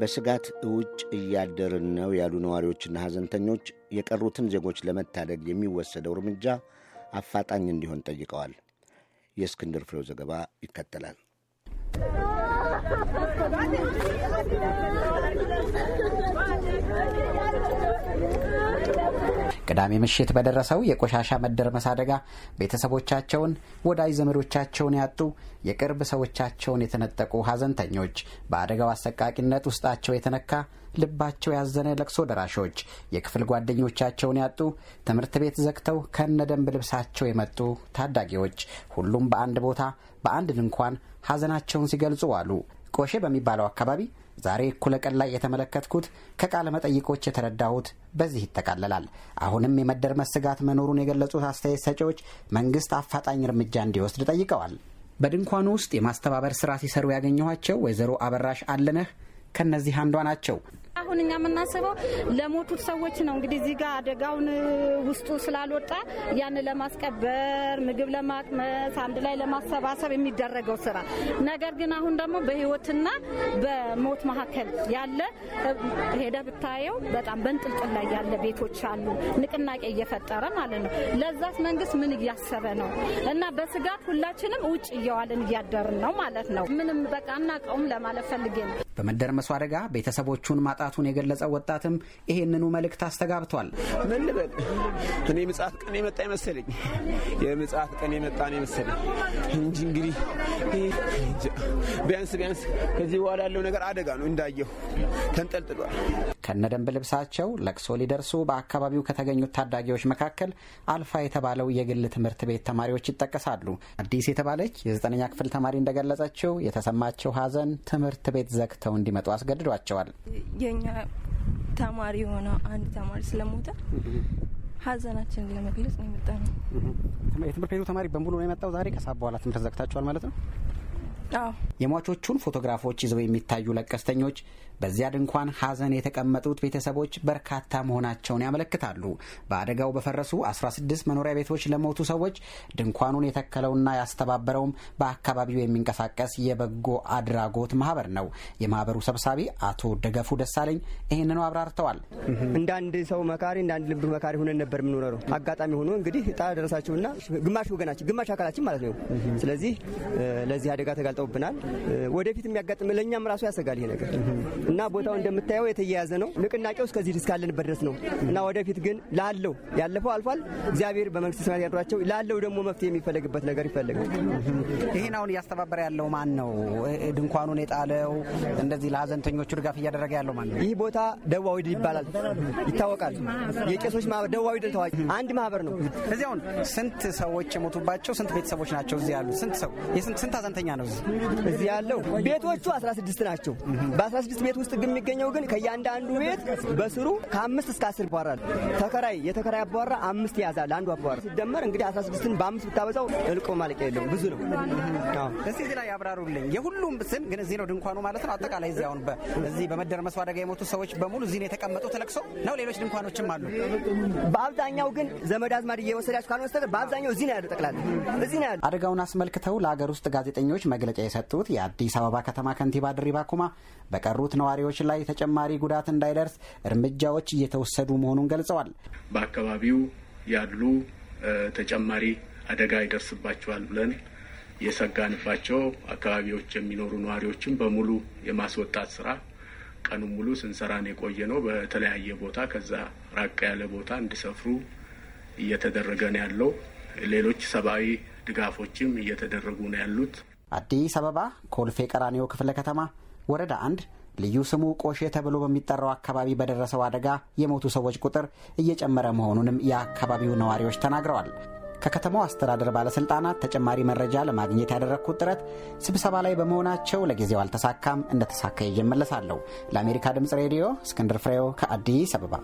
በስጋት እውጭ እያደርን ነው ያሉ ነዋሪዎችና ሐዘንተኞች የቀሩትን ዜጎች ለመታደግ የሚወሰደው እርምጃ አፋጣኝ እንዲሆን ጠይቀዋል። የእስክንድር ፍሬው ዘገባ ይከተላል። ቅዳሜ ምሽት በደረሰው የቆሻሻ መደርመስ አደጋ ቤተሰቦቻቸውን፣ ወዳጅ ዘመዶቻቸውን ያጡ፣ የቅርብ ሰዎቻቸውን የተነጠቁ ሀዘንተኞች፣ በአደጋው አሰቃቂነት ውስጣቸው የተነካ ልባቸው ያዘነ ለቅሶ ደራሾች፣ የክፍል ጓደኞቻቸውን ያጡ፣ ትምህርት ቤት ዘግተው ከነ ደንብ ልብሳቸው የመጡ ታዳጊዎች፣ ሁሉም በአንድ ቦታ በአንድ ድንኳን ሀዘናቸውን ሲገልጹ አሉ። ቆሼ በሚባለው አካባቢ ዛሬ እኩለ ቀን ላይ የተመለከትኩት ከቃለ መጠይቆች የተረዳሁት በዚህ ይጠቃለላል። አሁንም የመደርመስ ስጋት መኖሩን የገለጹት አስተያየት ሰጪዎች መንግስት አፋጣኝ እርምጃ እንዲወስድ ጠይቀዋል። በድንኳኑ ውስጥ የማስተባበር ስራ ሲሰሩ ያገኘኋቸው ወይዘሮ አበራሽ አለነህ ከእነዚህ አንዷ ናቸው። አሁን እኛ የምናስበው ለሞቱት ሰዎች ነው። እንግዲህ እዚህ ጋር አደጋውን ውስጡ ስላልወጣ ያን ለማስቀበር ምግብ ለማቅመስ አንድ ላይ ለማሰባሰብ የሚደረገው ስራ ነገር ግን አሁን ደግሞ በህይወትና በሞት መካከል ያለ ሄደ ብታየው በጣም በንጥልጥል ላይ ያለ ቤቶች አሉ። ንቅናቄ እየፈጠረ ማለት ነው። ለዛት መንግስት ምን እያሰበ ነው? እና በስጋት ሁላችንም ውጭ እየዋልን እያደርን ነው ማለት ነው። ምንም በቃ እናቀውም ለማለት ፈልጌ ነው። በመደርመሱ አደጋ ቤተሰቦቹን ማጣ መምጣቱን የገለጸው ወጣትም ይሄንኑ መልእክት አስተጋብቷል። ምን ልበል እኔ ምጽአት ቀን የመጣ ይመስለኝ የምጽአት ቀን የመጣ ነው ይመስለኝ እንጂ እንግዲህ ቢያንስ ቢያንስ ከዚህ በኋላ ያለው ነገር አደጋ ነው እንዳየሁ ተንጠልጥሏል። ከነ ደንብ ልብሳቸው ለቅሶ ሊደርሱ በአካባቢው ከተገኙት ታዳጊዎች መካከል አልፋ የተባለው የግል ትምህርት ቤት ተማሪዎች ይጠቀሳሉ። አዲስ የተባለች የዘጠነኛ ክፍል ተማሪ እንደገለጸችው የተሰማቸው ሐዘን ትምህርት ቤት ዘግተው እንዲመጡ አስገድዷቸዋል። የኛ ተማሪ የሆነ አንድ ተማሪ ስለሞተ ሀዘናችንን ለመግለጽ ነው የመጣ ነው። የትምህርት ቤቱ ተማሪ በሙሉ ነው የመጣው ዛሬ። ከሰዓት በኋላ ትምህርት ዘግታችኋል ማለት ነው? የሟቾቹን ፎቶግራፎች ይዘው የሚታዩ ለቀስተኞች በዚያ ድንኳን ሐዘን የተቀመጡት ቤተሰቦች በርካታ መሆናቸውን ያመለክታሉ። በአደጋው በፈረሱ 16 መኖሪያ ቤቶች ለሞቱ ሰዎች ድንኳኑን የተከለውና ያስተባበረውም በአካባቢው የሚንቀሳቀስ የበጎ አድራጎት ማህበር ነው። የማህበሩ ሰብሳቢ አቶ ደገፉ ደሳለኝ ይህንኑ አብራርተዋል። እንደ አንድ ሰው መካሪ፣ እንደ አንድ ልብ መካሪ ሆነን ነበር የምንኖረው። አጋጣሚ ሆኖ እንግዲህ ጣ ደረሳችሁና ግማሽ ወገናችን፣ ግማሽ አካላችን ማለት ነው። ስለዚህ ለዚህ አደጋ ተጋ ተጋልጠውብናል። ወደፊት የሚያጋጥም ለእኛም ራሱ ያሰጋል ይሄ ነገር እና ቦታው እንደምታየው የተያያዘ ነው። ንቅናቄው እስከዚህ እስካለንበት ድረስ ነው እና ወደፊት ግን ላለው ያለፈው አልፏል። እግዚአብሔር በመንግስት ስራት ያድሯቸው። ላለው ደግሞ መፍትሄ የሚፈለግበት ነገር ይፈልጋል። ይህን አሁን እያስተባበረ ያለው ማን ነው? ድንኳኑን የጣለው እንደዚህ ለሀዘንተኞቹ ድጋፍ እያደረገ ያለው ማን ነው? ይህ ቦታ ደዋዊ ድል ይባላል፣ ይታወቃል። የቄሶች ማህበር ድል ታዋቂ አንድ ማህበር ነው። አሁን ስንት ሰዎች የሞቱባቸው ስንት ቤተሰቦች ናቸው? እዚህ ያሉ ስንት ሰው ስንት ሀዘንተኛ ነው እዚህ እዚህ ያለው ቤቶቹ 16 ናቸው። በ16 ቤት ውስጥ ግን የሚገኘው ግን ከእያንዳንዱ ቤት በስሩ ከአምስት እስከ አስር ይባራል። ተከራይ የተከራይ አባራ አምስት የያዛል። አንዱ አባራ ሲደመር እንግዲህ 16ን በአምስት ብታበዛው እልቆ ማለቂያ የለውም። ብዙ ነው። እስኪ እዚህ ላይ ያብራሩልኝ። የሁሉም ስም ግን እዚህ ነው ድንኳኑ ማለት ነው። አጠቃላይ እዚህ አሁን እዚህ በመደርመሱ አደጋ የሞቱ ሰዎች በሙሉ እዚህ ነው የተቀመጡ። ተለቅሶ ነው። ሌሎች ድንኳኖችም አሉ። በአብዛኛው ግን ዘመድ አዝማድ እየወሰዳችሁ ካልሆነ በስተቀር በአብዛኛው እዚህ ነው ያሉ። ጠቅላላ እዚህ ነው ያሉ። አደጋውን አስመልክተው ለሀገር ውስጥ ጋዜጠኞች መግለጫ መግለጫ የሰጡት የአዲስ አበባ ከተማ ከንቲባ ድሪባ ኩማ በቀሩት ነዋሪዎች ላይ ተጨማሪ ጉዳት እንዳይደርስ እርምጃዎች እየተወሰዱ መሆኑን ገልጸዋል። በአካባቢው ያሉ ተጨማሪ አደጋ ይደርስባቸዋል ብለን የሰጋንባቸው አካባቢዎች የሚኖሩ ነዋሪዎችን በሙሉ የማስወጣት ስራ ቀኑ ሙሉ ስንሰራን የቆየ ነው። በተለያየ ቦታ ከዛ ራቅ ያለ ቦታ እንዲሰፍሩ እየተደረገ ነው ያለው። ሌሎች ሰብአዊ ድጋፎችም እየተደረጉ ነው ያሉት። አዲስ አበባ ኮልፌ ቀራኒዮ ክፍለ ከተማ ወረዳ አንድ ልዩ ስሙ ቆሼ ተብሎ በሚጠራው አካባቢ በደረሰው አደጋ የሞቱ ሰዎች ቁጥር እየጨመረ መሆኑንም የአካባቢው ነዋሪዎች ተናግረዋል። ከከተማው አስተዳደር ባለስልጣናት ተጨማሪ መረጃ ለማግኘት ያደረግኩት ጥረት ስብሰባ ላይ በመሆናቸው ለጊዜው አልተሳካም። እንደተሳካ ይዤ እመለሳለሁ። ለአሜሪካ ድምፅ ሬዲዮ እስክንድር ፍሬው ከአዲስ አበባ